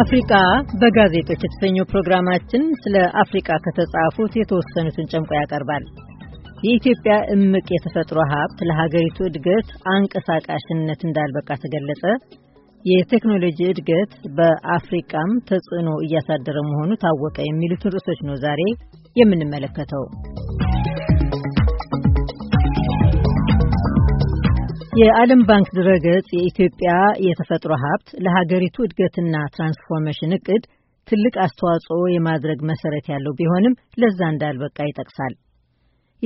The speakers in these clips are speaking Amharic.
አፍሪቃ በጋዜጦች የተሰኘው ፕሮግራማችን ስለ አፍሪቃ ከተጻፉት የተወሰኑትን ጨምቆ ያቀርባል። የኢትዮጵያ እምቅ የተፈጥሮ ሀብት ለሀገሪቱ እድገት አንቀሳቃሽነት እንዳልበቃ ተገለጸ፣ የቴክኖሎጂ እድገት በአፍሪቃም ተጽዕኖ እያሳደረ መሆኑ ታወቀ፣ የሚሉትን ርዕሶች ነው ዛሬ የምንመለከተው። የዓለም ባንክ ድረገጽ የኢትዮጵያ የተፈጥሮ ሀብት ለሀገሪቱ እድገትና ትራንስፎርሜሽን እቅድ ትልቅ አስተዋጽኦ የማድረግ መሰረት ያለው ቢሆንም ለዛ እንዳልበቃ ይጠቅሳል።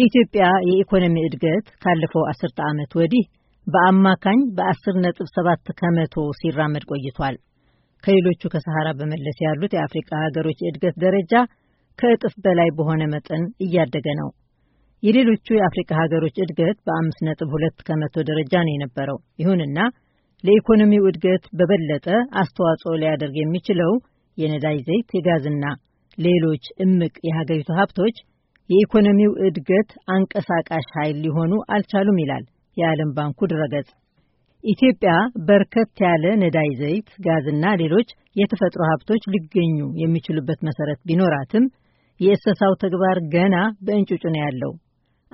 የኢትዮጵያ የኢኮኖሚ እድገት ካለፈው አስርተ ዓመት ወዲህ በአማካኝ በአስር ነጥብ ሰባት ከመቶ ሲራመድ ቆይቷል። ከሌሎቹ ከሰሃራ በመለስ ያሉት የአፍሪካ ሀገሮች የእድገት ደረጃ ከእጥፍ በላይ በሆነ መጠን እያደገ ነው። የሌሎቹ የአፍሪካ ሀገሮች እድገት በአምስት ነጥብ ሁለት ከመቶ ደረጃ ነው የነበረው። ይሁንና ለኢኮኖሚው እድገት በበለጠ አስተዋጽኦ ሊያደርግ የሚችለው የነዳጅ ዘይት፣ የጋዝና ሌሎች እምቅ የሀገሪቱ ሀብቶች የኢኮኖሚው እድገት አንቀሳቃሽ ኃይል ሊሆኑ አልቻሉም ይላል የዓለም ባንኩ ድረገጽ። ኢትዮጵያ በርከት ያለ ነዳጅ ዘይት፣ ጋዝና ሌሎች የተፈጥሮ ሀብቶች ሊገኙ የሚችሉበት መሰረት ቢኖራትም የእሰሳው ተግባር ገና በእንጭጩ ነው ያለው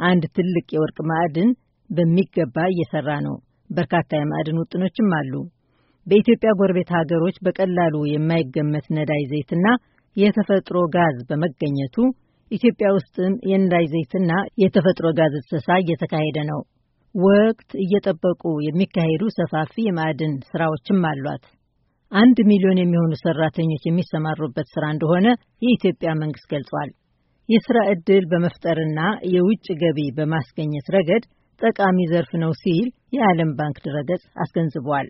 አንድ ትልቅ የወርቅ ማዕድን በሚገባ እየሰራ ነው። በርካታ የማዕድን ውጥኖችም አሉ። በኢትዮጵያ ጎረቤት ሀገሮች በቀላሉ የማይገመት ነዳይ ዘይትና የተፈጥሮ ጋዝ በመገኘቱ ኢትዮጵያ ውስጥም የነዳይ ዘይትና የተፈጥሮ ጋዝ እሰሳ እየተካሄደ ነው። ወቅት እየጠበቁ የሚካሄዱ ሰፋፊ የማዕድን ስራዎችም አሏት። አንድ ሚሊዮን የሚሆኑ ሰራተኞች የሚሰማሩበት ስራ እንደሆነ የኢትዮጵያ መንግስት ገልጿል። የሥራ ዕድል በመፍጠርና የውጭ ገቢ በማስገኘት ረገድ ጠቃሚ ዘርፍ ነው ሲል የዓለም ባንክ ድረገጽ አስገንዝቧል።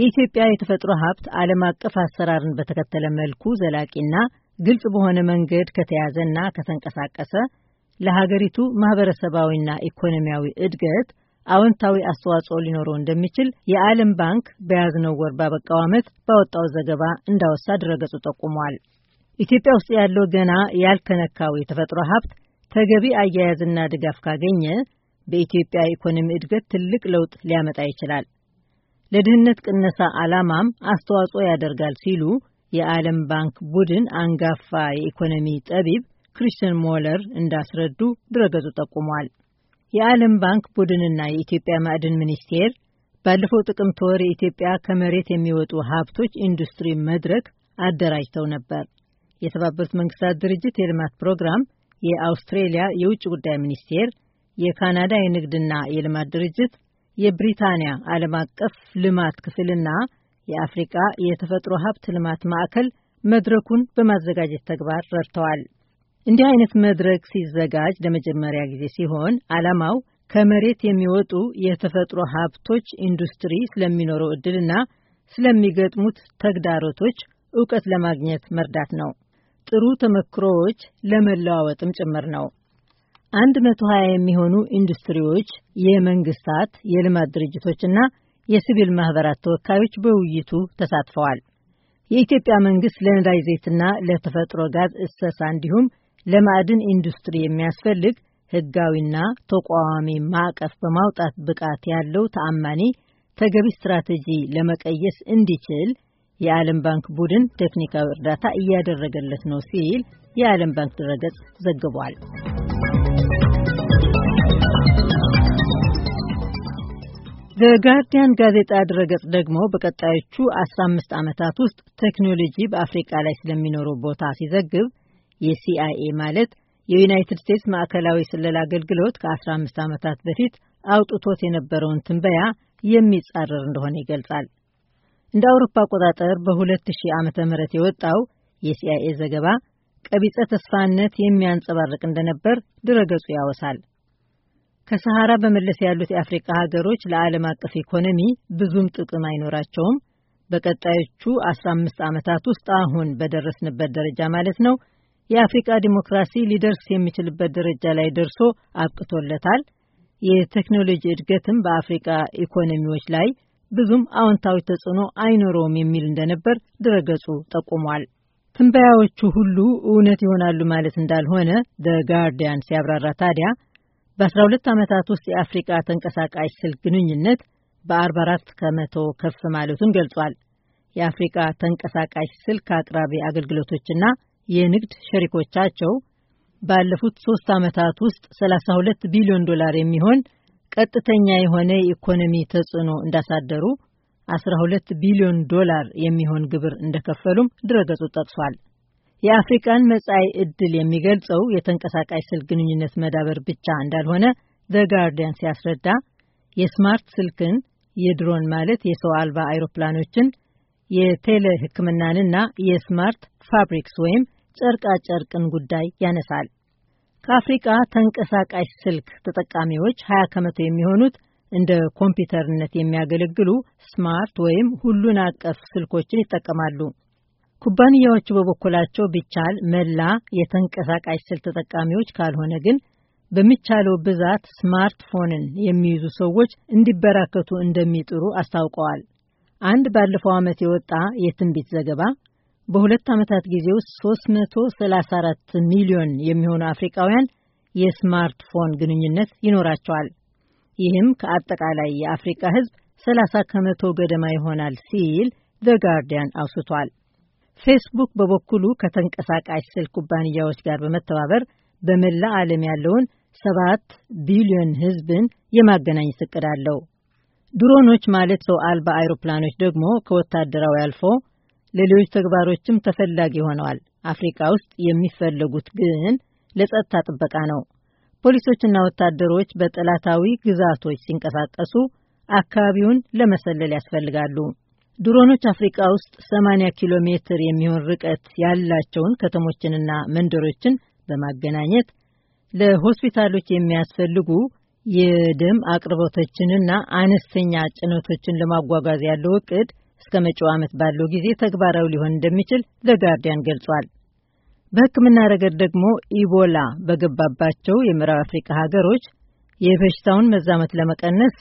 የኢትዮጵያ የተፈጥሮ ሀብት ዓለም አቀፍ አሰራርን በተከተለ መልኩ ዘላቂና ግልጽ በሆነ መንገድ ከተያዘና ከተንቀሳቀሰ ለሀገሪቱ ማህበረሰባዊና ኢኮኖሚያዊ እድገት አዎንታዊ አስተዋጽኦ ሊኖረው እንደሚችል የዓለም ባንክ በያዝነው ወር ባበቃው ዓመት ባወጣው ዘገባ እንዳወሳ ድረገጹ ጠቁሟል። ኢትዮጵያ ውስጥ ያለው ገና ያልተነካው የተፈጥሮ ሀብት ተገቢ አያያዝና ድጋፍ ካገኘ በኢትዮጵያ ኢኮኖሚ እድገት ትልቅ ለውጥ ሊያመጣ ይችላል፣ ለድህነት ቅነሳ ዓላማም አስተዋጽኦ ያደርጋል ሲሉ የዓለም ባንክ ቡድን አንጋፋ የኢኮኖሚ ጠቢብ ክሪስቲን ሞለር እንዳስረዱ ድረገጹ ጠቁሟል። የዓለም ባንክ ቡድንና የኢትዮጵያ ማዕድን ሚኒስቴር ባለፈው ጥቅምት ወር የኢትዮጵያ ከመሬት የሚወጡ ሀብቶች ኢንዱስትሪ መድረክ አደራጅተው ነበር። የተባበሩት መንግስታት ድርጅት የልማት ፕሮግራም፣ የአውስትሬሊያ የውጭ ጉዳይ ሚኒስቴር፣ የካናዳ የንግድና የልማት ድርጅት፣ የብሪታንያ ዓለም አቀፍ ልማት ክፍልና የአፍሪቃ የተፈጥሮ ሀብት ልማት ማዕከል መድረኩን በማዘጋጀት ተግባር ረድተዋል። እንዲህ አይነት መድረክ ሲዘጋጅ ለመጀመሪያ ጊዜ ሲሆን ዓላማው ከመሬት የሚወጡ የተፈጥሮ ሀብቶች ኢንዱስትሪ ስለሚኖረው እድልና ስለሚገጥሙት ተግዳሮቶች እውቀት ለማግኘት መርዳት ነው። ጥሩ ተመክሮዎች ለመለዋወጥም ጭምር ነው። 120 የሚሆኑ ኢንዱስትሪዎች፣ የመንግስታት የልማት ድርጅቶችና የሲቪል ማህበራት ተወካዮች በውይይቱ ተሳትፈዋል። የኢትዮጵያ መንግስት ለነዳጅ ዘይትና ለተፈጥሮ ጋዝ እሰሳ እንዲሁም ለማዕድን ኢንዱስትሪ የሚያስፈልግ ህጋዊና ተቋዋሚ ማዕቀፍ በማውጣት ብቃት ያለው ተአማኒ ተገቢ ስትራቴጂ ለመቀየስ እንዲችል የዓለም ባንክ ቡድን ቴክኒካዊ እርዳታ እያደረገለት ነው ሲል የዓለም ባንክ ድረገጽ ዘግቧል። በጋርዲያን ጋዜጣ ድረገጽ ደግሞ በቀጣዮቹ 15 ዓመታት ውስጥ ቴክኖሎጂ በአፍሪቃ ላይ ስለሚኖረው ቦታ ሲዘግብ የሲአይኤ ማለት የዩናይትድ ስቴትስ ማዕከላዊ ስለላ አገልግሎት ከ15 ዓመታት በፊት አውጥቶት የነበረውን ትንበያ የሚጻረር እንደሆነ ይገልጻል። እንደ አውሮፓ አቆጣጠር በ2000 ዓ ም የወጣው የሲአይኤ ዘገባ ቀቢጸ ተስፋነት የሚያንጸባርቅ እንደነበር ድረገጹ ያወሳል። ከሰሃራ በመለስ ያሉት የአፍሪቃ ሀገሮች ለዓለም አቀፍ ኢኮኖሚ ብዙም ጥቅም አይኖራቸውም። በቀጣዮቹ 15 ዓመታት ውስጥ አሁን በደረስንበት ደረጃ ማለት ነው የአፍሪቃ ዲሞክራሲ ሊደርስ የሚችልበት ደረጃ ላይ ደርሶ አብቅቶለታል። የቴክኖሎጂ እድገትም በአፍሪቃ ኢኮኖሚዎች ላይ ብዙም አዎንታዊ ተጽዕኖ አይኖረውም የሚል እንደነበር ድረገጹ ጠቁሟል። ትንበያዎቹ ሁሉ እውነት ይሆናሉ ማለት እንዳልሆነ ደ ጋርዲያን ሲያብራራ ታዲያ በ12 ዓመታት ውስጥ የአፍሪቃ ተንቀሳቃሽ ስልክ ግንኙነት በ44 ከመቶ ከፍ ማለቱን ገልጿል። የአፍሪቃ ተንቀሳቃሽ ስልክ አቅራቢ አገልግሎቶችና የንግድ ሸሪኮቻቸው ባለፉት ሶስት ዓመታት ውስጥ 32 ቢሊዮን ዶላር የሚሆን ቀጥተኛ የሆነ የኢኮኖሚ ተጽዕኖ እንዳሳደሩ 12 ቢሊዮን ዶላር የሚሆን ግብር እንደከፈሉም ድረገጹ ጠቅሷል። የአፍሪካን መጻኢ ዕድል የሚገልጸው የተንቀሳቃሽ ስልክ ግንኙነት መዳበር ብቻ እንዳልሆነ ዘ ጋርዲያን ሲያስረዳ የስማርት ስልክን፣ የድሮን ማለት የሰው አልባ አይሮፕላኖችን፣ የቴሌ ሕክምናንና የስማርት ፋብሪክስ ወይም ጨርቃ ጨርቅን ጉዳይ ያነሳል። ከአፍሪቃ ተንቀሳቃሽ ስልክ ተጠቃሚዎች 20 ከመቶ የሚሆኑት እንደ ኮምፒውተርነት የሚያገለግሉ ስማርት ወይም ሁሉን አቀፍ ስልኮችን ይጠቀማሉ። ኩባንያዎቹ በበኩላቸው ቢቻል መላ የተንቀሳቃሽ ስልክ ተጠቃሚዎች ካልሆነ ግን በሚቻለው ብዛት ስማርትፎንን የሚይዙ ሰዎች እንዲበራከቱ እንደሚጥሩ አስታውቀዋል። አንድ ባለፈው ዓመት የወጣ የትንቢት ዘገባ በሁለት ዓመታት ጊዜ ውስጥ 334 ሚሊዮን የሚሆኑ አፍሪካውያን የስማርትፎን ግንኙነት ይኖራቸዋል። ይህም ከአጠቃላይ የአፍሪካ ሕዝብ 30 ከመቶ ገደማ ይሆናል ሲል ዘ ጋርዲያን አውስቷል። ፌስቡክ በበኩሉ ከተንቀሳቃሽ ስልክ ኩባንያዎች ጋር በመተባበር በመላ ዓለም ያለውን ሰባት ቢሊዮን ህዝብን የማገናኘት እቅድ አለው። ድሮኖች ማለት ሰው አልባ አይሮፕላኖች ደግሞ ከወታደራዊ አልፎ ለሌሎች ተግባሮችም ተፈላጊ ሆነዋል። አፍሪካ ውስጥ የሚፈለጉት ግን ለጸጥታ ጥበቃ ነው። ፖሊሶችና ወታደሮች በጠላታዊ ግዛቶች ሲንቀሳቀሱ አካባቢውን ለመሰለል ያስፈልጋሉ። ድሮኖች አፍሪካ ውስጥ 80 ኪሎ ሜትር የሚሆን ርቀት ያላቸውን ከተሞችንና መንደሮችን በማገናኘት ለሆስፒታሎች የሚያስፈልጉ የደም አቅርቦቶችንና አነስተኛ ጭነቶችን ለማጓጓዝ ያለው እቅድ እስከ መጪው ዓመት ባለው ጊዜ ተግባራዊ ሊሆን እንደሚችል ለጋርዲያን ገልጿል። በሕክምና ረገድ ደግሞ ኢቦላ በገባባቸው የምዕራብ አፍሪካ ሀገሮች የበሽታውን መዛመት ለመቀነስ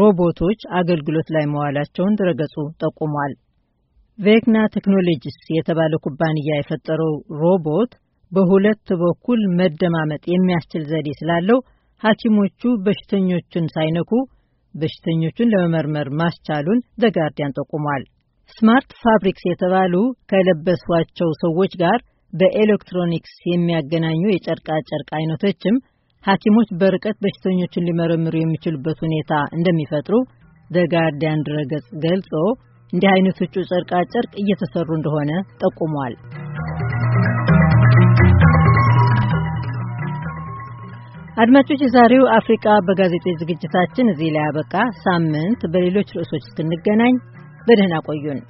ሮቦቶች አገልግሎት ላይ መዋላቸውን ድረገጹ ጠቁሟል። ቬክና ቴክኖሎጂስ የተባለ ኩባንያ የፈጠረው ሮቦት በሁለት በኩል መደማመጥ የሚያስችል ዘዴ ስላለው ሐኪሞቹ በሽተኞቹን ሳይነኩ በሽተኞቹን ለመመርመር ማስቻሉን ዘጋርዲያን ጠቁሟል። ስማርት ፋብሪክስ የተባሉ ከለበሷቸው ሰዎች ጋር በኤሌክትሮኒክስ የሚያገናኙ የጨርቃጨርቅ አይነቶችም ሐኪሞች በርቀት በሽተኞችን ሊመረምሩ የሚችሉበት ሁኔታ እንደሚፈጥሩ ዘጋርዲያን ድረገጽ ገልጾ እንዲህ አይነቶቹ ጨርቃጨርቅ እየተሰሩ እንደሆነ ጠቁሟል። አድማጮች፣ የዛሬው አፍሪቃ በጋዜጦች ዝግጅታችን እዚህ ላይ አበቃ። ሳምንት በሌሎች ርዕሶች እስክንገናኝ በደህና ቆዩን።